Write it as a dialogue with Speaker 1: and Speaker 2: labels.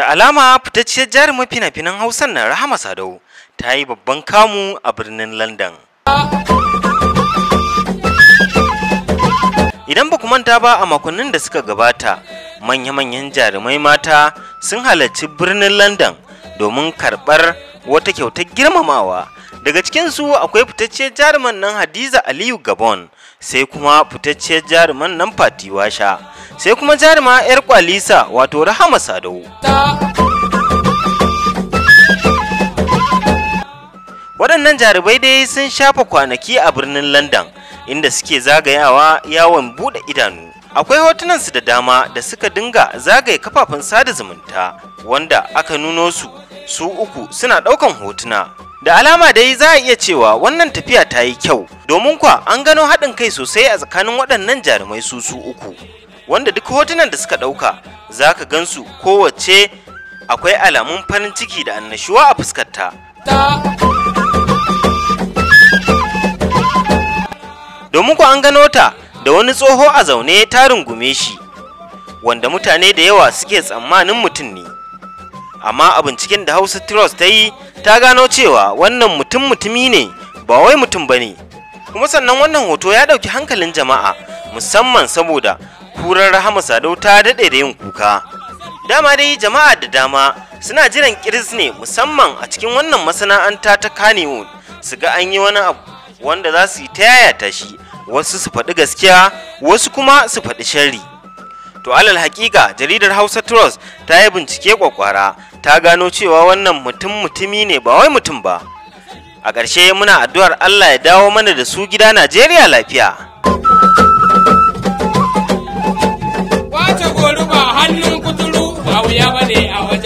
Speaker 1: Da alama fitacciyar jarumin fina-finan Hausan na Rahama Sadau ta yi babban kamu a birnin London. Idan ba manta ba a makonnin da suka gabata, manya-manyan jarumai mata sun halarci birnin London domin karɓar wata kyautar girmamawa. Daga cikinsu akwai fitacciyar jaruman nan Hadiza Aliyu Gabon, sai kuma fitacciyar jaruman nan Fatiwasha. sai kuma jarima 'yar kwalisa wato rahama sadau waɗannan jarabai dai sun shafa kwanaki a birnin london inda suke zagayawa yawon buɗe idanu akwai hotunansu da dama da suka dinga zagaye kafafen sada zumunta wanda aka nuno su su uku suna ɗaukan hotuna da alama dai za a iya cewa wannan tafiya ta yi kyau domin kwa an gano haɗin kai sosai a tsakanin waɗannan jarumai su su uku wanda duk hotunan da suka ɗauka za ka su, kowace akwai alamun farin ciki da annashuwa a fuskarta domin ku an gano ta da wani tsoho a zaune ta rungume shi wanda mutane da yawa suke tsammanin mutum ne amma a binciken da hausa trust ta yi ta gano cewa wannan mutum mutumi ne ba wai mutum ba ne kuma sannan wannan hoto ya ɗauki hankalin jama'a musamman saboda kurar rahama sadau ta daɗe da yin kuka dama dai jama'a da dama suna jiran kiris ne musamman a cikin wannan masana'anta ta kanewood su ga an yi wani abu wanda za su yi ta yayata shi wasu su faɗi gaskiya wasu kuma su faɗi sharri to alal hakika jaridar hausa trust ta yi bincike kwakwara ta gano cewa wannan mutum mutumi ne ba wai mutum ba a ƙarshe muna addu'ar allah ya dawo mana da su gida najeriya lafiya ya bane